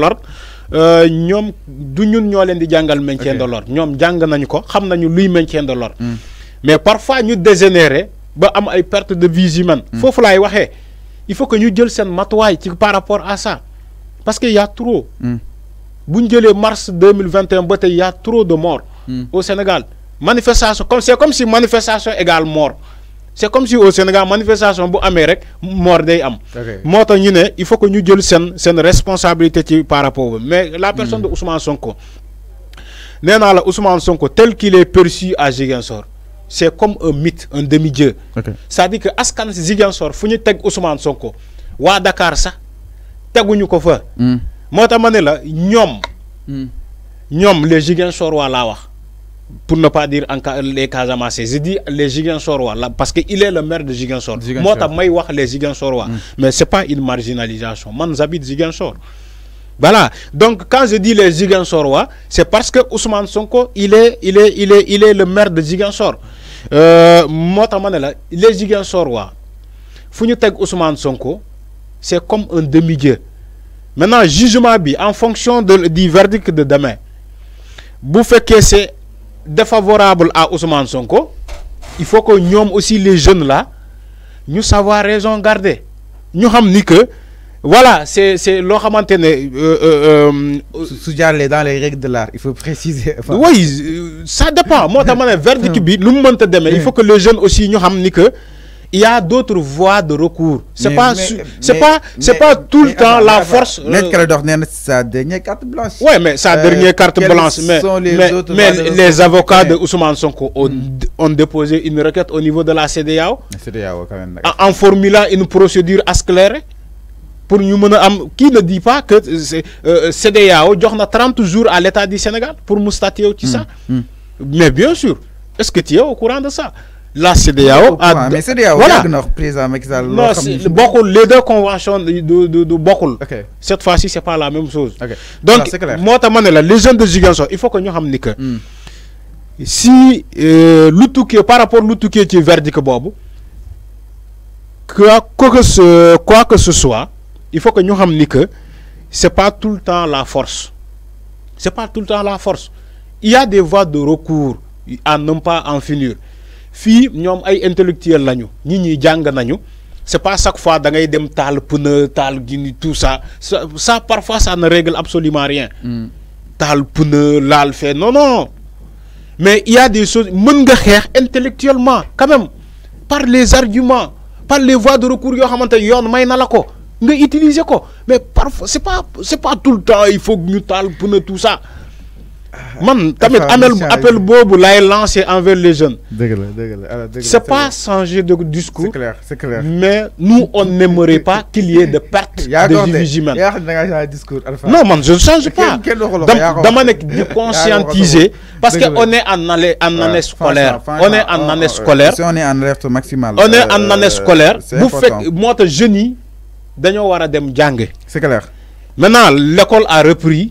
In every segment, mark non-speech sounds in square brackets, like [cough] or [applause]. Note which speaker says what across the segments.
Speaker 1: l'ordre euh, ñom du ñun ñoo leen di jangal maintien de l'ordre ñoom jàng nañ ko xam nañu luy maintien de l'ordre hmm. mais parfois ñu dégénérer ba am ay perte de vies humaines hmm. fofu lay waxé il faut que ñu jël sen matuwaay ci par rapport à ça parce que y a trop hmm. buñ jëlé mars 2021 mille y a trop de morts au Sénégal manifestation comme c'est comme si manifestation égale mort c'est comme si au Sénégal manifestation bu Amérique, rek mort day am. des il faut que nous jël seen une responsabilité par rapport mais la hmm. personne de Ousmane Sonko Ousmane Sonko tel qu'il est perçu à Ziguinchor c'est comme un mythe un demi dieu Ça veut dire que askan si Ziguinchor fu ñu teg Ousmane Sonko à Dakar ça, teguñu ko fa. Hmm. moo tax ma la hmm. les Ziguinchor waa laa pour ne pas dire en les amassés. je dis les Gigansorois, parce qu'il est le maire de Gigansor. Moi, je les Gigansorois, mm. mais ce n'est pas une marginalisation. Moi, j'habite Gigansor. Voilà. Donc, quand je dis les Gigansorois, c'est parce que Ousmane Sonko, il est, il est, il est, il est le maire de Gigansor. Euh, moi, les Gigansorois, Founutek Ousmane Sonko, c'est comme un demi-dieu. Maintenant, jugement, en fonction de, du verdict de demain, vous faites que c'est défavorable à Ousmane Sonko il faut que nous aussi les jeunes là nous savoir raison garder nous savons que voilà c'est c'est euh, euh, euh, su dans les règles de l'art il faut préciser. oui ça dépend moi je suis un verdict bi lu il faut que les jeunes aussi nous savons que il y a d'autres voies de recours. C'est pas, c'est pas, pas tout le temps la force. Maître euh, c'est sa
Speaker 2: dernière carte blanche.
Speaker 1: Oui, mais sa euh, dernière carte blanche. Mais, mais, les avocats de Ousmane Sonko hmm. ont, déposé une requête au niveau de la CDAO. En, formulant une procédure à sclérer. Pour nous, qui ne dit pas que CDAO donne 30 jours à l'État du Sénégal pour nous statuer hmm. ça. Hmm. Mais bien sûr, est-ce que tu es au courant de ça la CDAO a mais CDAO voilà non beaucoup les deux conventions de du cette fois ci c'est n'est pas la même chose. donc moi, je suis la légende de Ziguinchor il faut que nous nous que. Hmm. si euh, par rapport à qui qui verdict Bobo quoi quoi que ce soit il faut que nous nous que ce n'est pas tout le temps la force. c'est n'est pas tout le temps la force il y a des voies de recours à ne pas en finir. Les ñom ay intellectuel lañu ñi jang nañu c'est pas chaque fois da ngay dem taal pneu taal tout ça ça parfois ça ne règle absolument rien. Hmm. tal pneu lal fait non non mais il y a des choses mën nga intellectuellement quand même par les arguments par les voies de recours yo xamanté yoon may na la ko nga utiliser ko mais parfois c'est pas c'est pas tout le temps il faut ñu tal pneu tout ça. Euh, man tamit amel appel boobu laay lancer envers les jeunes. dëgg la dëgg la euh, c'est pas changer de discours. c'est clair c'est clair mais nous on [laughs] n'aimerait pas qu'il y ait de perte. de vie humaine. yaa
Speaker 2: xam ne da discours Alpha. non man je ne change pas. dama nekk di conscientiser. parce que on est en année en année scolaire. on est en oh, année oh, scolaire. on
Speaker 1: est en alerte maximale. on est en euh, année scolaire. bu fekk moo tax jeunes yi dañoo a dem jàng. c'est clair maintenant l'école a repris.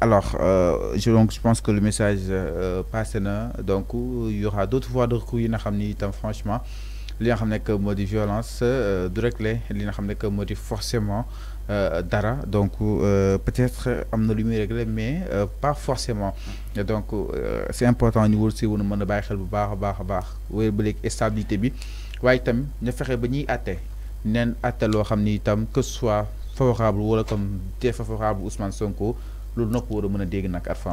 Speaker 2: Alors, euh, je, donc, je pense que le message euh, passe. Donc, il y aura d'autres voies de recours. Franchement, li nga xam nekk mode de violence euh, du rek le li nga xam nekk moo di forcément euh, dara donc euh, peut-être am na lu muy réglé mais pas forcément donc c'est important niveau si vous mën a bàyyi xel bu baax a baax a baax stabilité bi waaye itam ñu fexe ba ñuy àtte neen que ce soit favorable wala comme défavorable Ousmane Sonko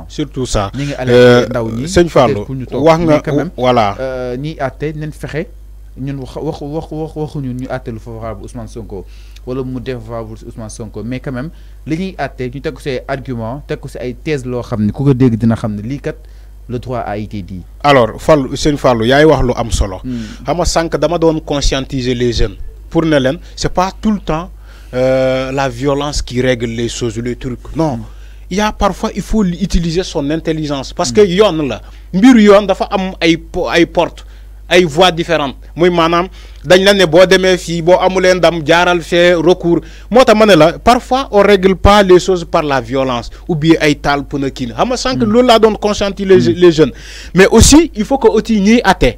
Speaker 2: surtout ça c'est ngi euh, femme voilà mais quand même
Speaker 1: le droit a été dit. alors une Seigne Fallou eu wax lu am solo. Hmm. Xama dama conscientiser les jeunes pour ne len, c'est pas tout le temps euh, la violence qui règle les choses le truc non il y a parfois il faut utiliser son intelligence parce que yon la mbir yon dafa am ay ay porte ay voies différentes moy manam dañ la ne bo démé fi bo amulé ndam jaral fait recours mota tax parfois on règle pas les choses par la violence ou bien ay taal pneu kii xam nga sànq lool la donne les hmm. les jeunes mais aussi il faut que aussi ñuy até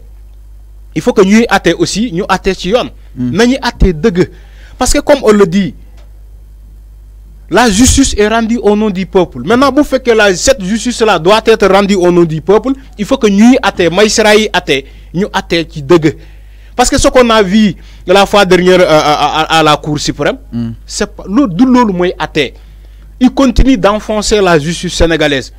Speaker 1: il faut que ñuy até aussi ñu até ci yoon hmm. nañuy até deug parce que comme on le dit la justice est rendue au nom du peuple. Maintenant, vous faites que cette justice-là doit être rendue au nom du peuple, il faut que nous, athées, Maïsraï, athées, nous, athées, qui dégue. Parce que ce qu'on a vu la fois dernière euh, à, la Cour suprême, mm. c'est pas l'autre athée. Il continue d'enfoncer la justice sénégalaise.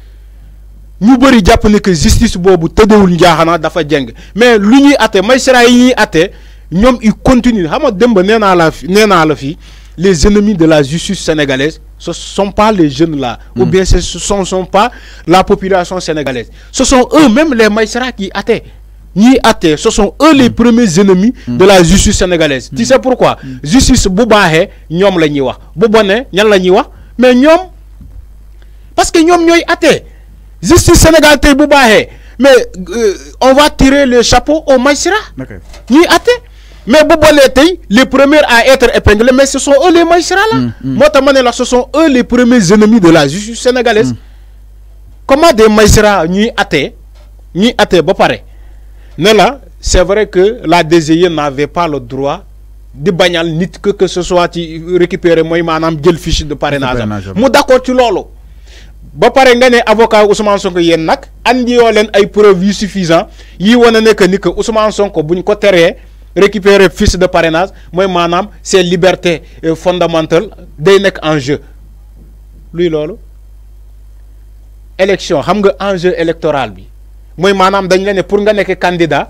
Speaker 1: Nous bari japp que justice bobu la justice. dafa jeng mais lu ñuy até magistrat yi ñuy até ñom ils continuent Je nga néna la la les ennemis de la justice sénégalaise, ce ne sont pas les jeunes-là, ou mm. bien ce ne sont, pas la population sénégalaise. Ce sont eux-mêmes les maïsra qui étaient Ni Ce sont eux les mm. premiers ennemis de la mm. justice sénégalaise. Tu sais pourquoi Justice Boubahe, Nyom la Nywa Boubane, Nyom la Niwa. Mais Nyom, parce que Nyom Nyoy athée. Justice sénégalaise Boubahe. Mais euh, on va tirer le chapeau au magistrats. Ni mais Boboletei, les premiers à être épinglés, mais ce sont eux les magistrats là. Mm, mm. là, ce sont eux les premiers ennemis de la justice sénégalaise. Mm. Comment des magistrats ni athées, ni athées, bon pareil. Mais là, c'est vrai que la DGI n'avait pas le droit de bagnal nit que que ce soit récupérer mooy maanaam jël fiche de parrainage mu d'accord ci lolo ba paré nga né avocat Ousmane Sonko yéen nak andi yo len ay preuves yu suffisant yi wona né que ni que Ousmane Sonko buñ ko téré récupérer fiche de parrainage moy manam c'est liberté euh, fondamentale day nek en jeu lui loolu élection xam nga enjeu électoral bi moy manam dañ la né pour nga nekk candidat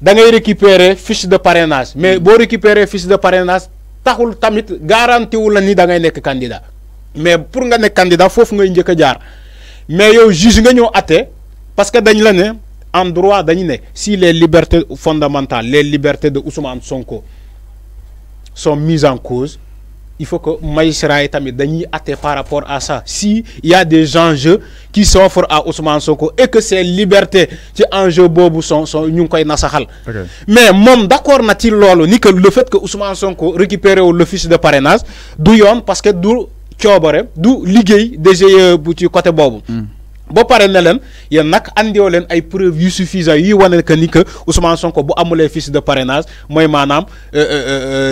Speaker 1: da ngay récupérer fiche de parrainage mais bo récupérer fiche de parrainage taxul tamit garanti wu la ni da ngay nekk candidat mais pour nga nekk candidat fofu ngay ñëk jaar mais yow juge nga ñoo até parce que dañ la né en droit si les libertés fondamentales les libertés de Ousmane Sonko sont mises en cause il faut que magistrat et tamit par rapport à ça si il y a des enjeux qui s'offrent à Ousmane Sonko et que ces libertés ces enjeux bobu sont sont ñu koy mais moom d'accord na ci ni que le fait que Ousmane Sonko récupère l'office de parrainage du parce que du coobare du de DGE bu ci côté bo paré ne leen yéen un andiwoo len ay preuves yu suffisant yi wane que ni que Ousmane Sonko bu les fils de parrainage euh euh, euh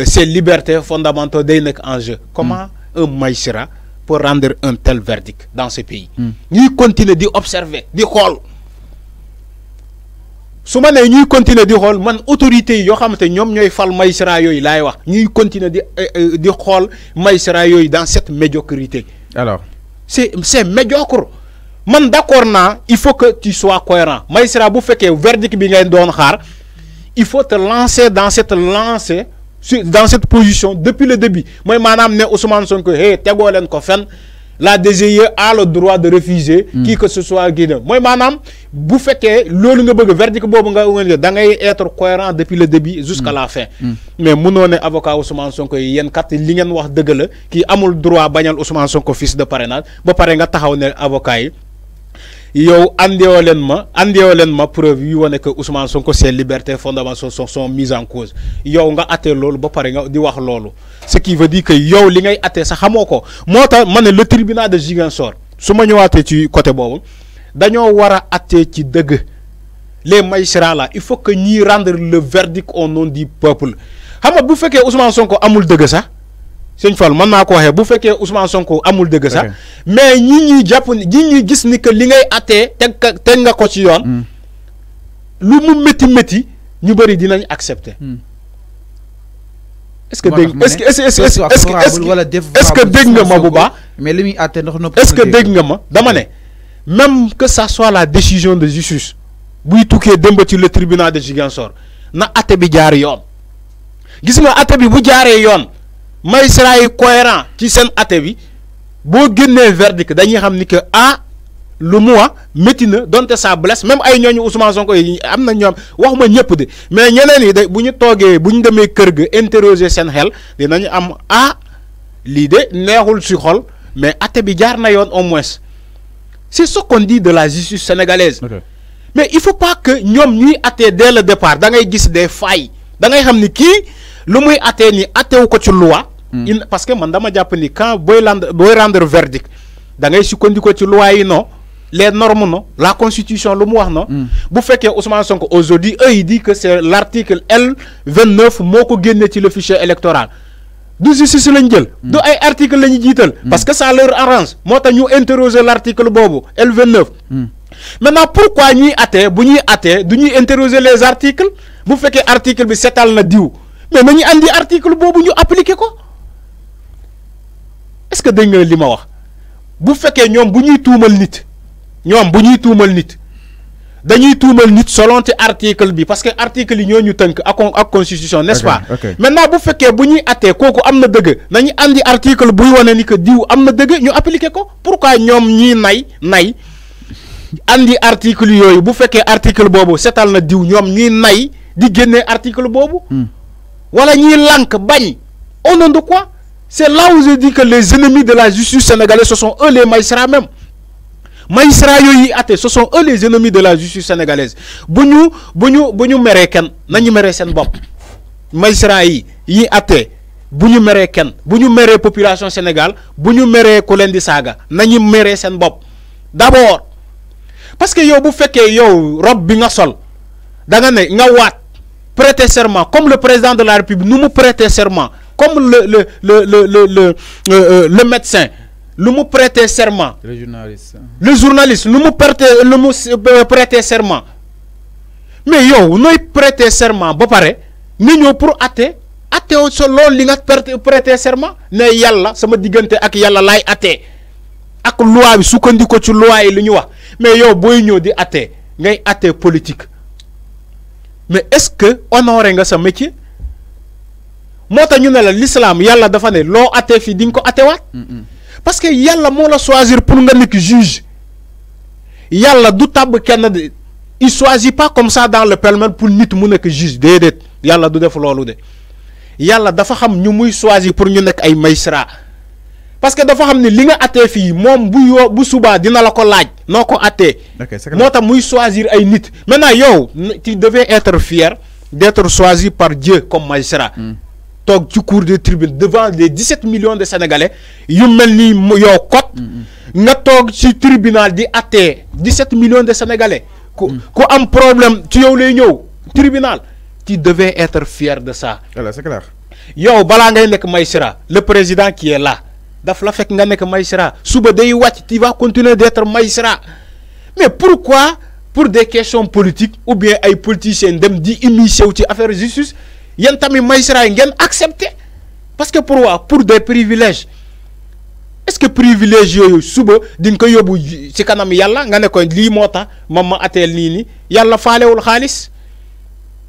Speaker 1: euh ses libertés fondamentales day nek en jeu. comment hmm. un magistrat pour rendre un tel verdict dans ce pays. Hmm. ñuy continue di observer di xol suma né nee ñuy continuer di xol man autorité yo xamanté ñom ñoy fal magistrat yoy lay wax ñuy continuer di euh, di xol magistrat yoy dans cette médiocrité. alors c'est c'est médiocre man d'accord il faut que tu sois cohérent magistrat bu fekkee verdict bi ngay doon xaar il faut te lancer dans cette lancée dans cette position depuis le début moy manam ne Ousmane Sonko hey tegoo len ko fenn la DGE a le droit de refuser. Hmm. qui que ce soit guiné moy manam bu fekkee lolu nga bëgg verdict bobu nga nga da ngay être cohérent depuis le début. jusqu'à hmm. la fin. Hmm. mais munoo avocat Ousmane Sonko yi kat li ngeen wax deug la kii amul droit bañal Ousmane Sonko fils de parrainage ba pare nga taxaw ne avocat yi yow andiwoo leen ma andiwoo leen ma preuve yu woné que Ousmane Sonko ses libertés fondamentales sont sont mises en cause yow nga até lolou ba pare nga di wax lolou ce qui veut dire que yow li ngay até sa xamoko ko mané le tribunal de Ziguinchor su ma ñëwaatee ci côté bobu dañoo wara a ci deug les magistrats là il faut que ñi rendre le verdict au nom du peuple xam nga bu fekkee Ousmane Sonko amul deug sax le Fall mën naa ko que bu avez Ousmane Sonko amul deug sax mais ñi ñuy jàpp ñi ñuy gis ni que li ngay até que vous nga ko ci yoon hmm. lu mu que vous ñu bari dinañ accepté hmm. est-ce que ce est-ce que est-ce est-ce que nga ma bu ba est-ce que avez nga ma dama même que ça soit la décision de justice buy tukkee démb ci le tribunal de Ziguinchor na até bi jaar yoon gis nga que bi bu jaaree yoon magistrat est cohérent ci s'en atte bi boo génnee verdict dañuy xam ni que ah lu mu metina métti na donte ça blesse même ay ñooñu Ousmane Sonko amna ñom waxuma ñëpp de mais ñeneen yi de bu buñu démé bu kër ga interroger sen xel dinañ am ah l'idée de neexul si xol mais até bi jaar na yoon au moins c'est ce qu'on dit de la justice sénégalaise. mais il faut pas que ñom ñuy attee dès le départ da ngay gis des failles da ngay xam ni kii lu muy até ni wu ko ci loi. Hmm. parce que man ni quand vous rendre verdict da ngay sukkandikoo ci loi non les normes la constitution lu mu wax non hmm. bu Ousmane Sonko aujourd'hui ils disent que c'est l'article L 29 neuf guenné ci le fichier électoral du justice jël hmm. article L. parce que ça leur arrange ñu interroger l'article L 29 maintenant pourquoi nous até bu interroger les articles bu que article bi na diw mais ñi andi article bobu ñu appliquer quoi? est-ce que dégg nga vous ma wax bu vous ñoom bu ñuy tuumal nit ñoom bu ñuy tuumal nit dañuy nit article bi parce que article yi ñoo ñu tënk ak ak constitution n'est-ce pas maintenant vous fekkee bu ñuy vous kooku am na article buy ni que diw ñu appliquer pourquoi ñoom ñii nay nay andi article vous bu fekkee article bobo setal na diw ñoom avez nay article hmm. wala vous lànk bañ au de quoi c'est là où je dis que les ennemis de la justice sénégalaise, ce sont eux les magistrats même. Magistrats yoyi até, ce sont eux les ennemis de la justice sénégalaise. buñu méré bougnou nañu nani sen bop. Magistrats yi, yi até, méré mereken, Méré méré population sénégale, méré mere kolendi saga, nani sen bop. D'abord, parce que bu féké yow que bi nga sol da nga wat, prêter serment, comme le président de la République, nous nous prêter serment comme le, le, le, le, le, le, euh, euh, le médecin, le mot prêter serment. Le journaliste. Le journaliste, le mot prêter, le euh, prêter serment. Mais yo, nous prêter serment, bon pareil, nous pour athée. athée aussi, l'on prêter serment. Ne yalla, ça me ak yalla lay athée. Ak loi, tu loi et le Mais yo, boy nous di athée. Ngay athée politique. Mais est-ce que on honorer sa métier? moto tax ñu ne la l'islam yalla dafa ne lo até fi di nga ko wat parce que yalla mo la choisir pour nga nek juge yalla du tab kenn de il choisit pas comme ça dans le pêle pour nit mu nek juge déedéet yalla du def loolu de yalla dafa xam ñu muy choisir pour ñu nek ay magistrat parce que dafa xam ni li nga até fi mom bu yo bu suba dina la ko laaj noko até
Speaker 2: atee
Speaker 1: muy choisir ay nit maintenant yow tu devais être fier d'être choisi par Dieu comme magistrat mm. Tu ci de tribunal devant les 17 millions de sénégalais il y yo cote nga toog ci tribunal di athées 17 millions de sénégalais ku mm. ku am problème ci yow lay tribunal tu devais être fier de ça voilà c'est clair yow bala ngay nek le président qui est là daf la fek nga nek suba day tu vas continuer d'être maïsra mais pourquoi pour des questions politiques ou bien ay politiciens dem di immiscer ci affaire justice yen tamit magistrat yi ngeen accepté parce que pour quoi pour des privilèges est-ce que privilèges yooyu suba di nga ko yóbbu ci kanam yàlla nga ne ko lii moo tax moom ma ateel nii nii yàlla faalewul xaalis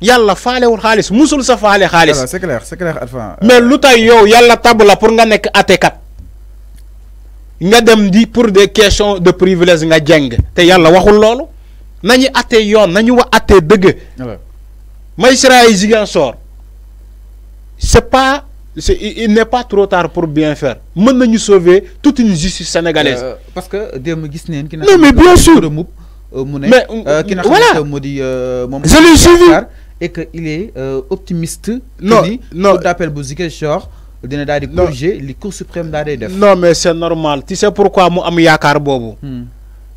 Speaker 1: yàlla faalewul xaalis musul sa faale xaalis. clair clair mais lu euh, yow yàlla la pour nga nekk kat nga dem di pour des questions de privilège nga jeng te yàlla waxul loolu nañu atee yoon nañu wa atee dëgg. magistrat yi Ziguinchor c'est pas il n'est pas trop tard pour bien faire mën nous sauver toute une justice sénégalaise. Euh,
Speaker 2: parce que des qui non mais bien sûr euh, mu
Speaker 1: ne. mais euh, ki nga je l'ai suivi et que il est optimiste. non non d'appel bu Ziguinchor dina daal di corriger les cour suprême d'arrêt def. non mais c'est normal tu sais pourquoi mu am yaakaar hmm.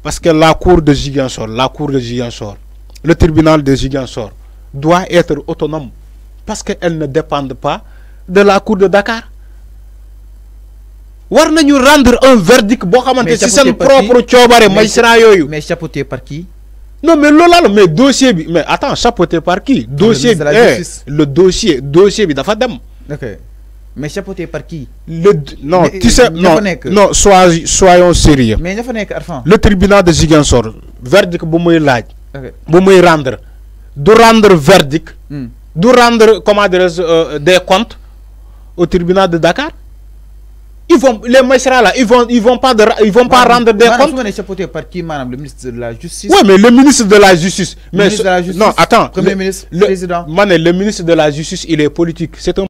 Speaker 1: parce que la cour de Gigansor, la cour de Ziguinchor le tribunal de Gigansor doit être autonome parce qu'elles ne dépendent pas de la cour de Dakar. war nañu rendre un verdict bo xamanté ci sen propre coobare magistrat
Speaker 2: mais chapeauté par
Speaker 1: qui. non mais Lola, la mais dossier mais attends chapeauté par qui. dossier eh, le dossier dossier bi dafa dem. ok mais chapeauté par qui. le non tu sais non non sois soyons sérieux. mais le tribunal de Ziguinchor verdict que muy laaj. rendre du rendre verdict. Hmm du rendre comment euh, des comptes au tribunal de Dakar ils vont, les magistrats là, ils vont, ils vont pas, de, ils vont pas rendre des Mme,
Speaker 2: comptes. chapeauté par qui, madame, le ministre de la Justice
Speaker 1: Oui, mais le ministre de la Justice. Mais le ministre de la Justice. Non, attends. Premier le, ministre, le, président. Mané, le ministre de la Justice, il est politique. C'est un